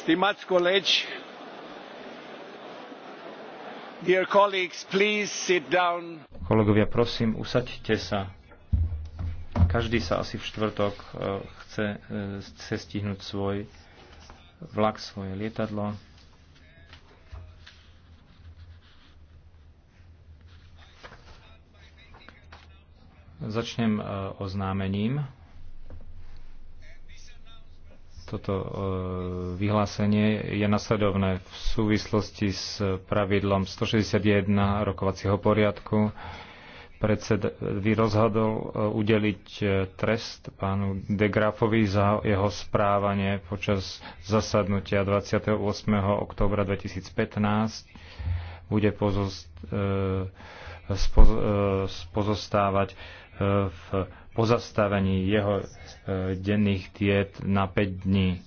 Stimați colegi, dear colleagues, please sit down. Kolegovia, prosím, usaďte sa. Každý sa asi v štvrtok eh, chce, eh, chce stihnúť svoj vlak, svoje lietadlo. Začnem eh, oznámením. Toto e, vyhlásenie je nasledovné v súvislosti s pravidlom 161 rokovacieho poriadku. Predsed e, vy rozhodol e, udeliť trest pánu De Grafovi za jeho správanie počas zasadnutia 28. októbra 2015. Bude pozost, e, E, pozostávať e, v pozastavení jeho e, denných diet na 5 dní.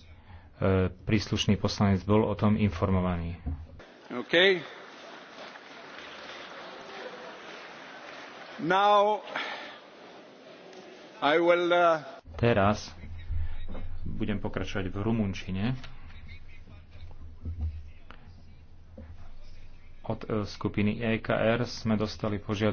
Príslušný poslanec bol o tom informovaný. Okay. Now I will, uh... Teraz budem pokračovať v rumunčine. Od e, skupiny EKR sme dostali požiadavku